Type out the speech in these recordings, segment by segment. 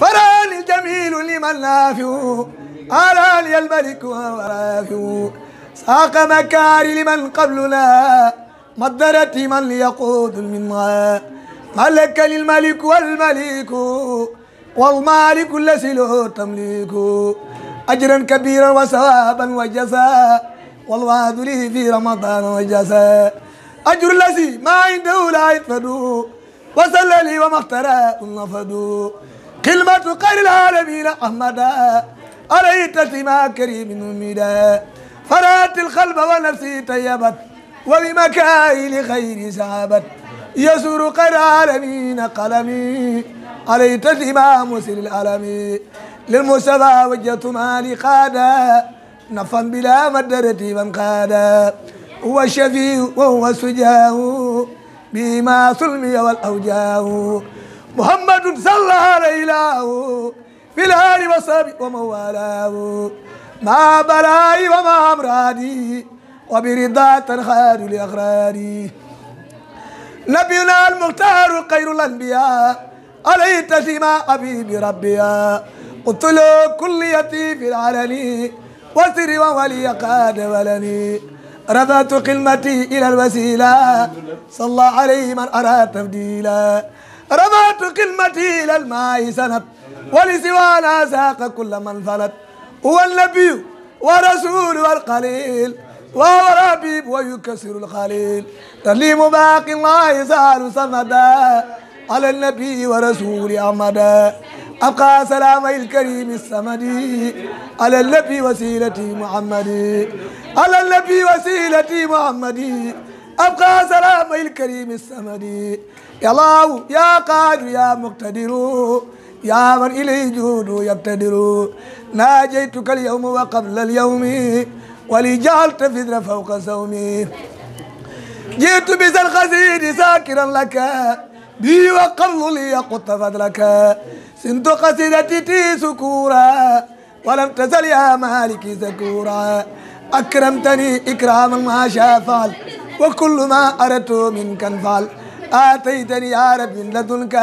فران الجميل لمن نافع أراني الملك ورافع ساق مكاري لمن قبلنا مدرتي من ليقود منا ملك للملك والملك والمالك الذي له تملك أجرا كبيرا وثوابا وجزاء والوعد لي في رمضان وجزاء أجر الذي ما عنده لا يتفدوه وصلى لي وما اخترى كلمة قال العالمين أحمدا أريت تسليما كريم أمدا فرات القلب ونفسي طيبت وبمكائل خير سعبت يسر قال العالمين قلمي أريت تسليما مسر العالمين للمصطفى وجهت مالي قادا نفا بلا مدرتي من قادا هو الشفيع وهو السجاه بما سلمي والأوجاه محمد صلى عليه الله في الهار وصحبه وموالاه ما بلاي وما ومع أمراضي وبرضا تنخاد لأغراري نبينا المختار خير الأنبياء عليه تسمى حبيب ربيا قتلوا يتي في العلني وسر وولي قاد ولني رفعت قلمتي إلى الوسيلة صلى عليه من أراد تبديلا رفعت قلمتي إلى الماء سند ولسوانا ساق كل من فلت هو النبي ورسول والقليل وهو ربيب ويكسر الخليل تليم باقي الله يزال سندا على النبي ورسول أمدا أبقى سلام الكريم السمدي على النبي وسيلتي محمدي على النبي وسيلتي محمدي أبقى سلام الكريم السمدي يا الله يا قادر يا مقتدر يا من إليه جود يقتدر ناجيتك اليوم وقبل اليوم ولجعلت فدر فوق سومي جئت بذا الخزين ساكرا لك بي وقل لي قط فضلك سنت قصيدتي سكورا ولم تزل يا مالك زكورا أكرمتني إكراما ما شاء فعل وكل ما أردت منك انفعل آتيتني يا رب من لدنك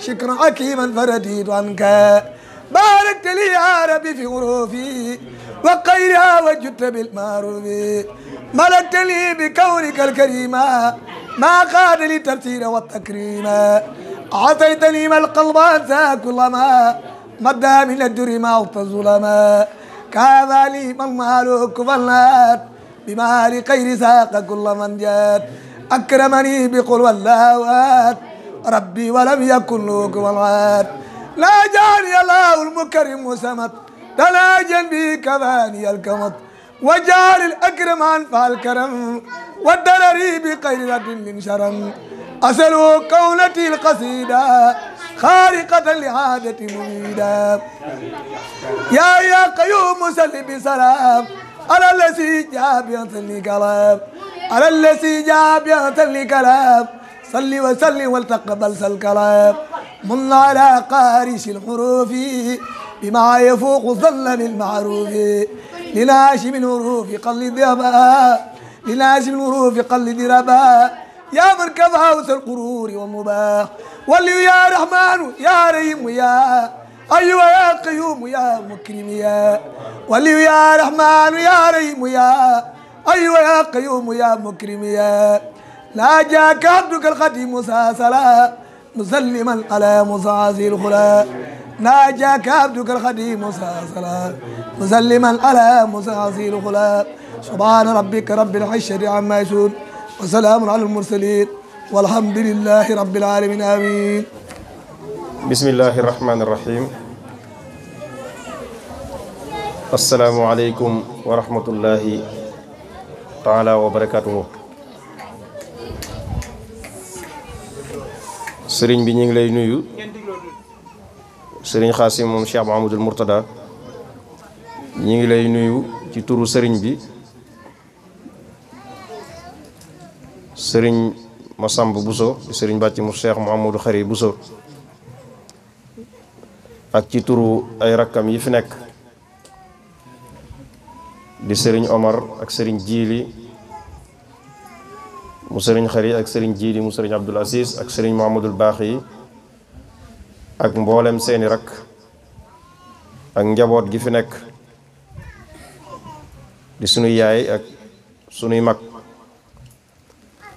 شكرا حكيما فرديت عنك باركت لي يا ربي في غروفي وقيرها وجدت بالمعروف ملكت لي بكونك الكريم ما قال لي والتكريما والتكريم أعطيتني ما القلب أنسى ما مدى من الدر موت الظلما كذا لي ما المال كفلات بمال غير ساق كل من جات أكرمني بقل اللهوات ربي ولم يكن له كفلات لا جاني الله المكرم سمت تلاجا بي كفاني الكمت وجعل الأكرم أنفع الكرم والدرري بخير رد من شرم أسألوا كونتي القصيدة خارقة لعادة مريدة يا يا قيوم سل بسلام على الذي جاء بأطل كلام على الذي جاء بأطل كلام صل وسلم والتقبل سل كلام من على قارش الحروف بما يفوق ظل للمعروف من وروف يقلد قلد ذهبها من وروف قلد ربها يا من كف هوس القرور ومباح ولي يا رحمن يا ريم يا أيوة يا قيوم يا مكرم يا ولي يا رحمن يا ريم يا أيوة يا قيوم يا مكرم يا لا جاك عبدك القديم مساسلا مسلما على مصاصي الخلا ناجاك عبدك الخديم مسلسلا مسلما على مسلسل الخلاب سبحان ربك رب العزة عما يسود وسلام على المرسلين والحمد لله رب العالمين آمين بسم الله الرحمن الرحيم السلام عليكم ورحمة الله تعالى وبركاته سرين bi لينيو sëriñ Xaasim moom Cheikh Mahamadul Mourtada ñi ngi lay nuyu ci turu sëriñ bi sëriñ Masamba Bousso di sëriñ bàcc mu Cheikh Mouhamadou Xari Bousso ak ci turu ay rakkam yi fi nekk di sëriñ Omar ak sëriñ Jiili mu sëriñ Xari ak sëriñ Jiili mu sëriñ Abdul Aziz ak sëriñ Mouhamadul Baax yi ak mboolem seeni rakk ak njaboot gi fi nekk di sunuy yaay ak sunuy mag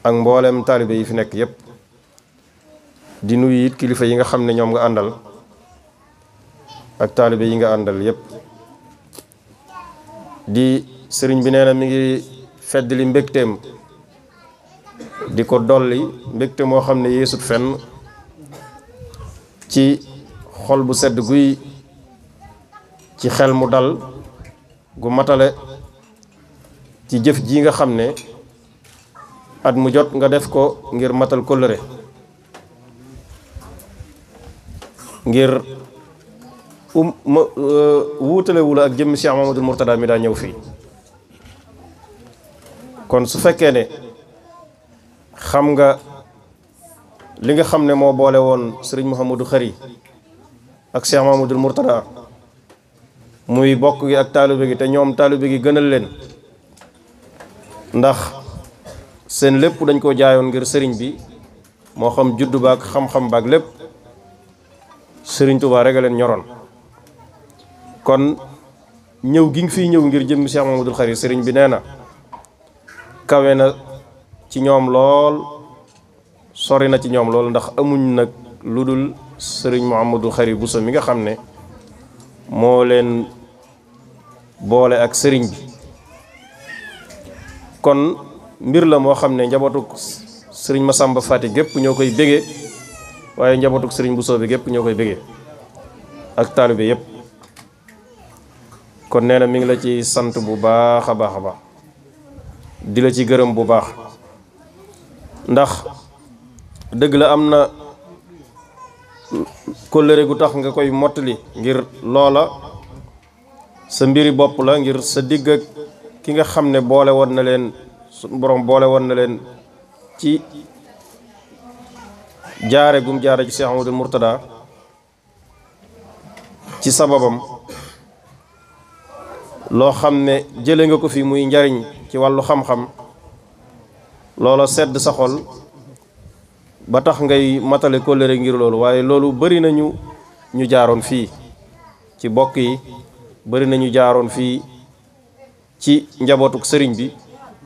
ak mboolem taalibe yi fi nekk yépp di nuyu it kilifa yi nga xam ne ñoom nga àndal ak taalibe yi nga àndal yépp di sëriñ bi nee na mi ngi fedd li mbégteem di ko dolli mbégte moo xam ne yeesut fenn ci xol bu sedd guy ci xel mu dal gu matale ci jëf ji nga xam ne at mu jot nga def ko ngir matal kóllëre ngir um ma euh, wuutalewu la ak jëmmi Cheikh Mamadou Mourtada mi daa ñëw fii kon su fekkee ne xam nga li nga xamne ne bolé won serigne mohamoudou Khari ak Cheikh Mahmoudul murtada muy bokk gi ak talibé gi té ñom talibé gi gënal leen ndax seen lepp dañ ko jaayoon ngir serigne bi mo xam juddu baak xam-xam baak lepp serigne Touba rek ñoroon kon ñew gi ngi fi ñew ngir jëm Cheikh Mahmoudul Khari serigne bi nee kawé na ci ñom lool sori na ci ñom lool ndax amuñ nak lu serigne sëriñ Mouhamadou Khary Bousso mi nga xamne ne len boole ak serigne bi kon mbir la mo xamne ne serigne Massamba fati gep ñoo bege waye waaye serigne sëriñ Bousso bi gep ñoo bege ak talibé yépp kon nee na mi ngi la ci sante bu baakha baakha ba di la ci gëreem bu baax ndax dëgg la am na kóllëre gu tax nga koy mottali ngir loola sa mbiri bopp la ngir sa digg ak ki nga xam ne boole woon na leen borom boole woon na leen ci jaare gum jaare ci Cheikh Amadou Mourtada ci sababam loo xam ne jële nga ko fi muy njariñ ci wàllu xam-xam loola sedd sa xol ba tax ngay matale kóllëre ngir loolu waaye loolu bari nañu ñu jaaroon fii ci bokk yi bari nañu jaaroon fii ci njabootuk sëriñ bi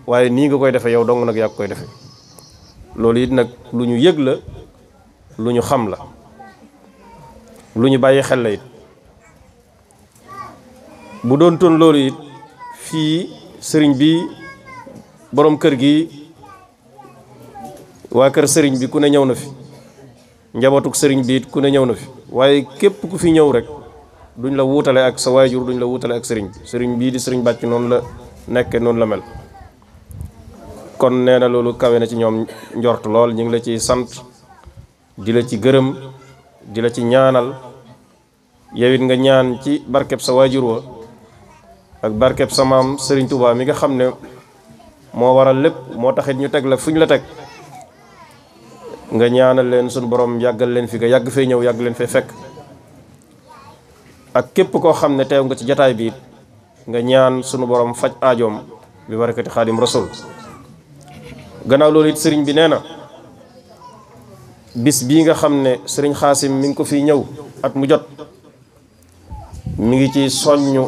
waaye nii nga koy defee yow dong nag yaa koy defee loolu it nag lu ñu yëg la lu ñu xam la lu ñu bàyyi xel la it bu doon toon loolu it fii sëriñ bi boroom kër gi waa kër sëriñ bi ku ne ñëw na fi njabootuk sëriñ biit ku ne ñëw na fi waaye képp ku fi ñëw rek duñ la wuutale ak sa waajur duñ la wutale ak sëriñ bi sëriñ bii di sëriñ bàcc noonu la nekke noonu la mel kon nee na loolu kawe na ci ñoom njort lool ñu ngi la ciy sant di la ci gërëm di la ci ñaanal yow it nga ñaan ci barkeb sa waajur wa ak barkeb sa maam sëriñ Touba mi nga xam ne moo waral lépp moo taxit ñu teg la fu ñu la teg nga ñaanal leen sunu borom yàggal leen fi nga yàgg fee ñëw yàgg leen fee fekk ak képp koo xam ne teew nga ci jataay bi nga ñaan sunu borom faj aajoom bi barakati xaadim rasul gannaaw loolu it sëriñ bi nee na bis bi nga xam ne sëriñ xaasim mi ngi ko fi ñëw ak mu jot mi ngi ci soññu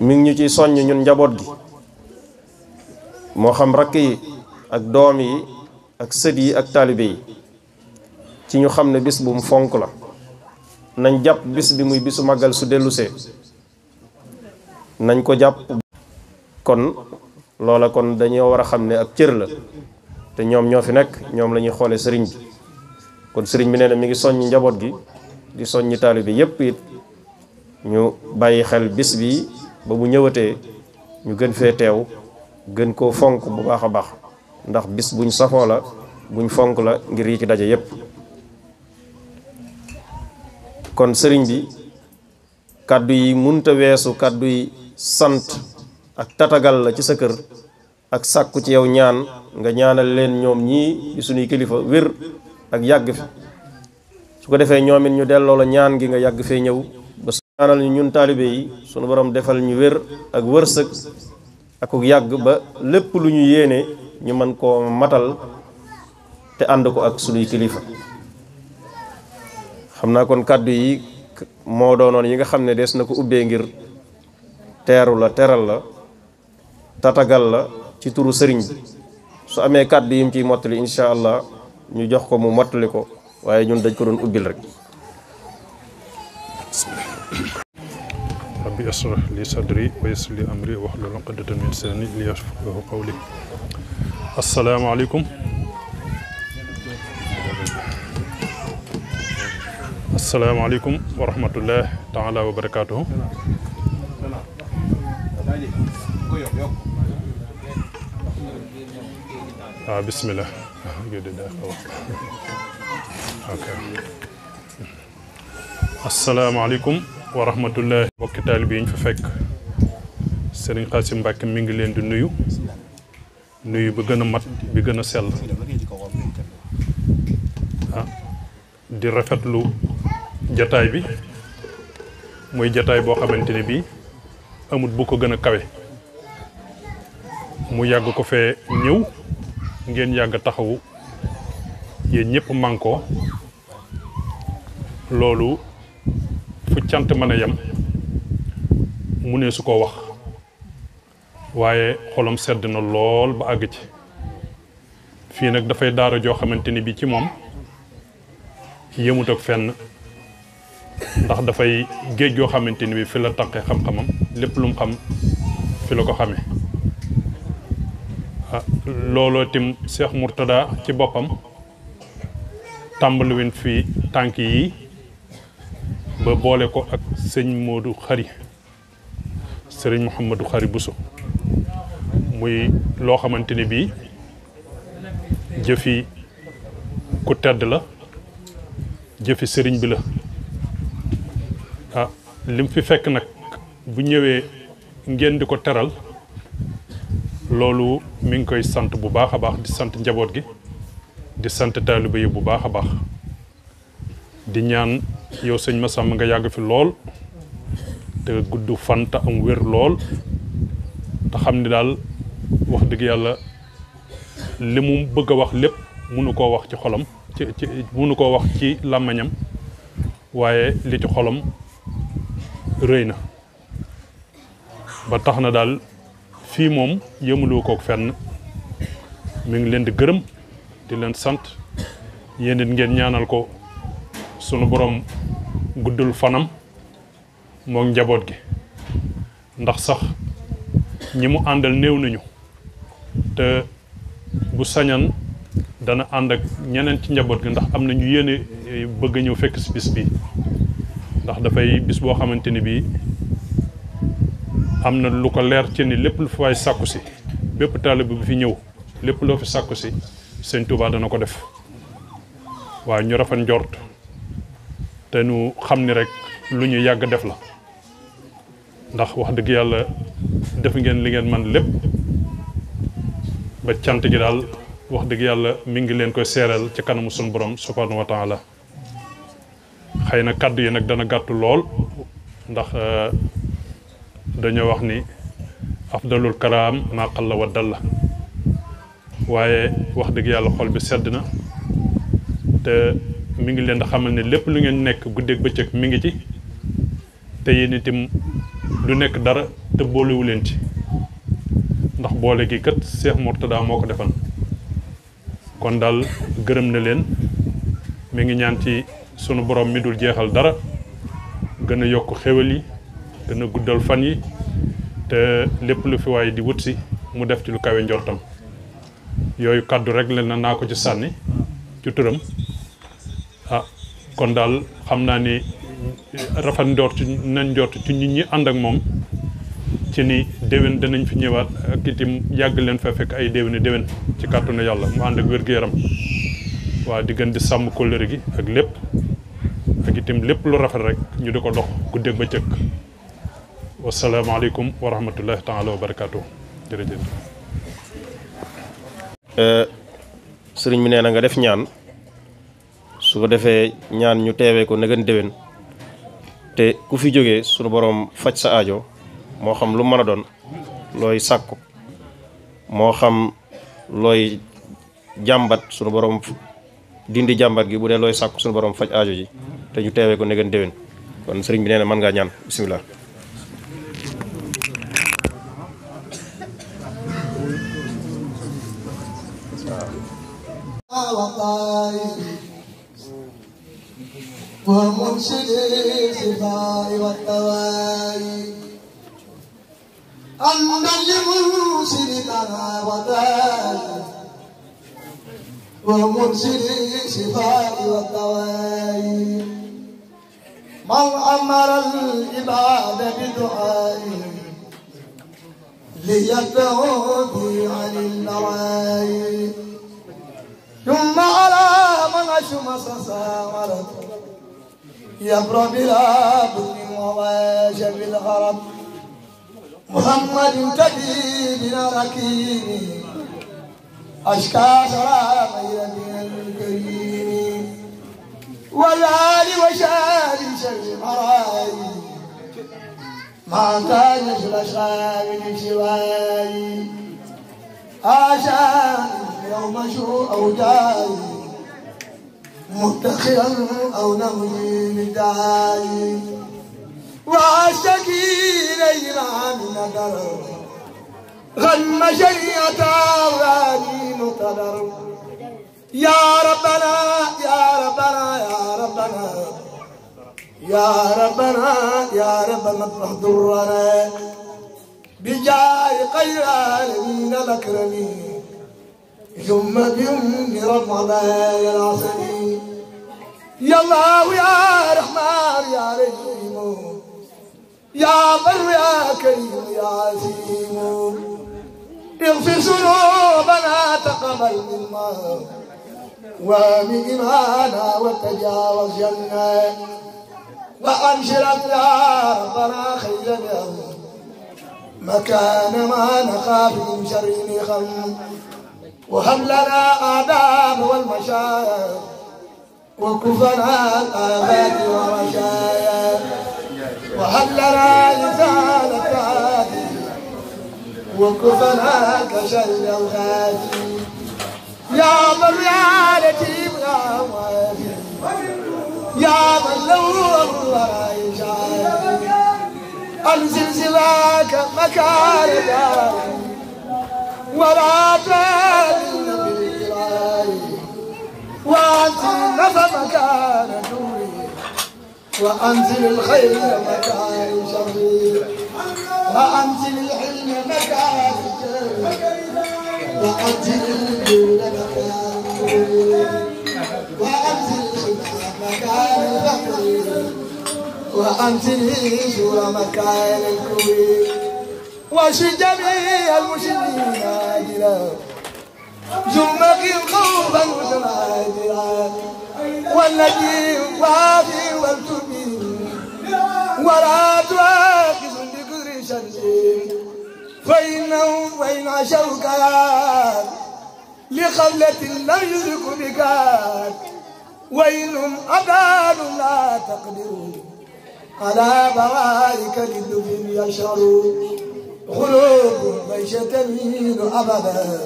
mi ngi ñu ci soññ ñun njaboot gi moo xam rakk yi ak doom yi ak sët yi ak taalibe yi ci ñu xam ne bis bu mu fonk la nañ jàpp bis bi muy bisu màggal su dellusee nañ ko jàpp kon loola kon dañoo war a xam ne ak cër la te ñoom ñoo fi nekk ñoom la ñuy xoolee sëriñ bi kon sëriñ bi nee na mi ngi soññ njaboot gi di soññi taalibe yépp it ñu bàyyi xel bis bi ba bu ñëwatee ñu gën fee teew gën koo fonk bu baax a baax ndax bis buñ safo la buñ fonk la ngir yi ci daje yépp kon sëriñ bi kaddu yi munta wessu kaddu yi sant ak tatagal la ci sa kër ak sakku ci yow ñaan nga ñaanal leen ñoom ñi di suñu kilifa wër ak yagg fi su ko defee ñoom ñu delloo la ñaan gi nga yagg fee ñëw ba su ñaanal ñu ñun taalibe yi suñu borom defal ñu wér ak wërsëg ak yàgg ba lépp lu ñu ñu man ko matal te and ko ak suñu kilifa xamna kon kaddu yi moo doonoon yi nga xam des na ko ngir teeru la teral la tatagal la ci turu sëriñ bi su amé kaddu yim ci motali inshallah allah ñu jox ko mu motali ko waye ñun dañ ko doon ubbil rek rabbi asrah li sadri wa yassir li amri hlul uqdatan min lisani yafqahu qawli السلام عليكم السلام عليكم ورحمة الله تعالى وبركاته آه بسم الله السلام عليكم ورحمة الله وبركاته سرين قاسم باك مينجلين دنيو nuyu ba gën a mat bi gën a sell ah di rafetlu jataay bi muy jataay boo xamante ne bii amut bu ko gën a kawe mu yàgg ko fee ñëw ngeen yàgg taxawu yéen ñëpp mànkoo loolu fu cant mën a yem mu ne su ko wax waye xolam sedd na lol ba ag ci fi nak da fay daara jo xamanteni bi ci mom yëmut ak fenn ndax da fay géej jo xamanteni bi fi la tànqee xam-xamam lépp lu mu xam fi la ko xamee looloo tim Cheikh murtada ci bopam tambalu win fi tanki yi ba bolé ko ak seigne Modou Khari serigne mohammedou Khari Bousso muy lo xamanteni bi jëfi ku tedd la jëfi sëriñ bi la ah lim fi fekk nak bu ñëwee ngeen diko ko teral loolu mi ngi koy sante bu baaxa baax di sante njabot gi di sante taaliba yu bu baaxa baax di ñaan yow ma sam nga yag fi lool te fanta am wër lool ta xamni dal wax dëgg yàlla li mu bëgg a wax lépp munu koo wax ci xolam ci ci munu koo wax ci làmmiñam waaye li ci xolam rëy na ba tax na daal fii moom yëmuloo kook fenn mu ngi leen di gërëm di leen sant yéen ngeen ñaanal ko sunu boroom guddul fanam mook njaboot gi ndax sax ñi mu àndal néew nañu te bu sañan dana and ak ñeneen ci njabot gi ndax am na ñu yene eh, bëgg ñu fekk ci bis bi ndax fay bis bo xamanteni bi amna lu ko leer ci ni lepp lu fay sàkku si bépp bi fi ñew lepp loo fi sàkku si sëñ Touba dana ko def wa ñu rafa ndort te nu xamni rek lu ñu yag def la ndax wax deug yalla def ngeen li ngeen man lepp ba cant gi daal wax dëgg yàlla mi ngi leen koy seeral ci kanamu sunu borom subhanahu wa taala xëy na kàddu yi nag dana gàttu lool ndax eh, dañoo wax ni afdalul karaam maa qalla wa dalla waaye wax dëgg yàlla xol bi sedd na te mi ngi leen di xamal ne lépp lu ngeen nekk guddeeg bëccëg mi ngi ci te yéen itim du nekk dara te boolewu leen ci ndax boole gi kat cheikh murtada moko defal kon dal gërëm na len mi ngi ñaan ci suñu borom mi dul jéxal dara gëna yok yokk yi guddal fan yi te lepp lu fi way di wutsi mu def ci lu kawé ndortam yoyu kaddu rek leen na nako ci sanni ci turam ah kon dal xamna ni rafa ndort ci nañ ndort ci nit ñi and ak mom ci ni dewen danañ fi ñëwaat ak itim yag leen fa fekk ay dewen dewen ci kàttanu yalla mu and ak wër gëram wa di gën di ko leer gi ak lepp ak itim lepp lu rafet rek ñu diko dox guddeeg ba cëkk alaykum wa rahmatullahi taala wa jere euh sëriñ mi neena nga def ñaan su ko defé ñaan ñu téwé ko na gën dewen té ku fi joggé suñu borom fajj sa aajo mo xam lu mëna doon loy sakku mo xam loy jambat suñu borom dindi jambat gi bu dee looy sàkku sunu borom faj aajo ji té ñu téwé ko negen déwén kon sëriñ bi man nga ñaan bismillah Wa bisimilah. sifai wa tawai أن لمرسل لنا وداء ومرسل الشفاء والدواء من أمر العباد بدعائه ليدعو عن النوايا ثم على من أشمس سامرت يبرى بلا وواجب الغرب محمد تجيب بنا ركيم أشكى سرى غير الكريم والآل وشال شر مرائي ما كان مثل شامل شوائي عشان يوم شو أوجاي مفتخرا أو نمجي بدعاي واشتكي من درر غم شيئة واني مقدر يا ربنا يا ربنا يا ربنا يا ربنا يا ربنا احضرنا بجاه خير من الاكرمين ثم بيوم رمضان العظيم يا الله يا رحمن يا رجل يا بر يا كريم يا عزيم اغفر ذنوبنا تقبل منا وامن إيمانا وتجاوز جنة وأنشر أطلابنا خير له مكان ما نخاف من شر نخم وهب لنا آداب والمشاعر وكفنا الآفات والمشاعر وهل لنا لزالت هذه وكفنا كشل الغادي يا من يا نجيب يا وادي يا من لو الله يجعل أنزل زلاك مكان داري ولا تهل بالله وأنزل نفى مكان وأنزل الخير مكان شرير وأنزل الحلم مكان وأنزل الجود مكان وأنزل الشفاء مكان الفقير وأنزل الهجر مكان الكبير واشد جميع المسلمين عاجلا ثم القوم قلوبا والذي وافي والتبي ولا تواخذ بكر شر فإنه وإن عشوك لخولة لم يدرك بك وإنهم أبان لا تقدرون على بوارك للدفن يشعرون قلوب ليس تميل أبدا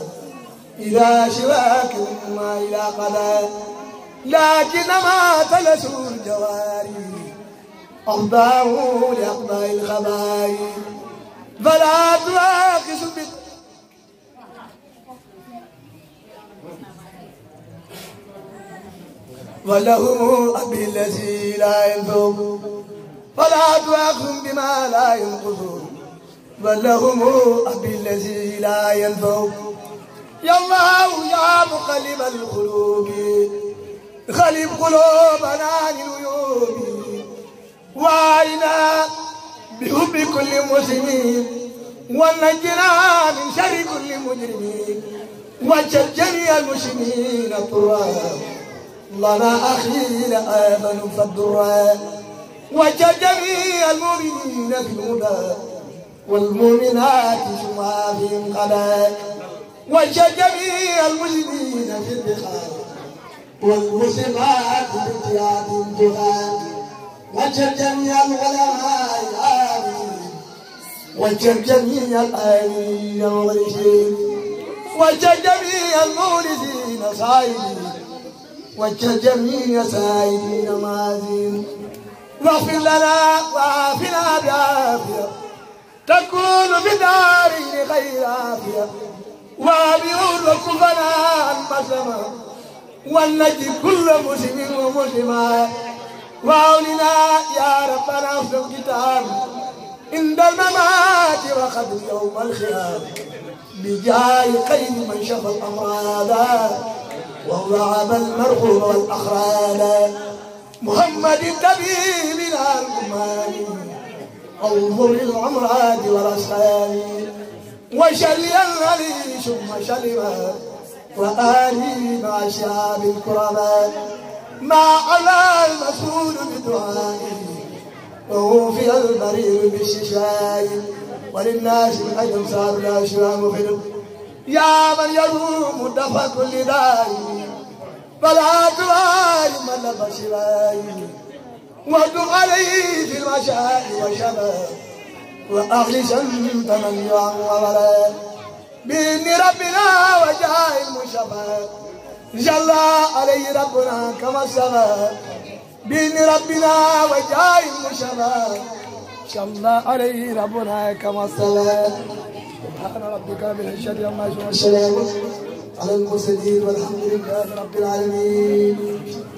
إلى شواك وإلى قدر لكن ما تلسوا الجواري أخضاه لأقضاء الخبائر فلا تراقص بك وله أبي الذي لا ينفق فلا تراقص بما لا ينقص ولهم أبي الذي لا ينفق يا الله يا مقلب القلوب غلب قلوبنا عن العيوب وعينا بحب كل مسلمين ونجنا من شر كل مجرمين وجد جميع المسلمين الضراء لنا أخي لآمن فالضراء وجد جميع المؤمنين في الهدى والمؤمنات شمع فيهم قلاء وجد جميع المسلمين في البخار والمسلمات بقياد دعاء وجب جميع العلماء آمين وجب جميع الآمين والرشيد وجب جميع المولدين صايمين وجب جميع سائلين ماذين واغفر لنا وعافنا بعافية تكون بداري غير عافية وابعوا ركبنا عن مسلمه ونجي كل مسلم ومسلمة وعوننا يا ربنا في الكتاب عند الممات وقد يوم الخيام بجاه قيد من شفى الأمراض ووعب المرحوم والأخراد محمد من الكمال انظر الأمراض والأسلام وشلي الغليش ثم شلي وآلي مع شعاب الكرماء مع على المسؤول بدعائي ووفي البريد بالششاي وللناس الأجر صار لا الأشوام خلق يا من يروم دفع كل داي فلا تعال من لقى شراي وادق عليه في المشاعر والشباب شمت من يعم وبلاد بإذن ربنا وجاه المشفى جل علي ربنا كما سما بإذن ربنا وجاه المشفى جل علي ربنا كما سما سبحان ربك من الشر عما يشركون على المرسلين والحمد لله رب العالمين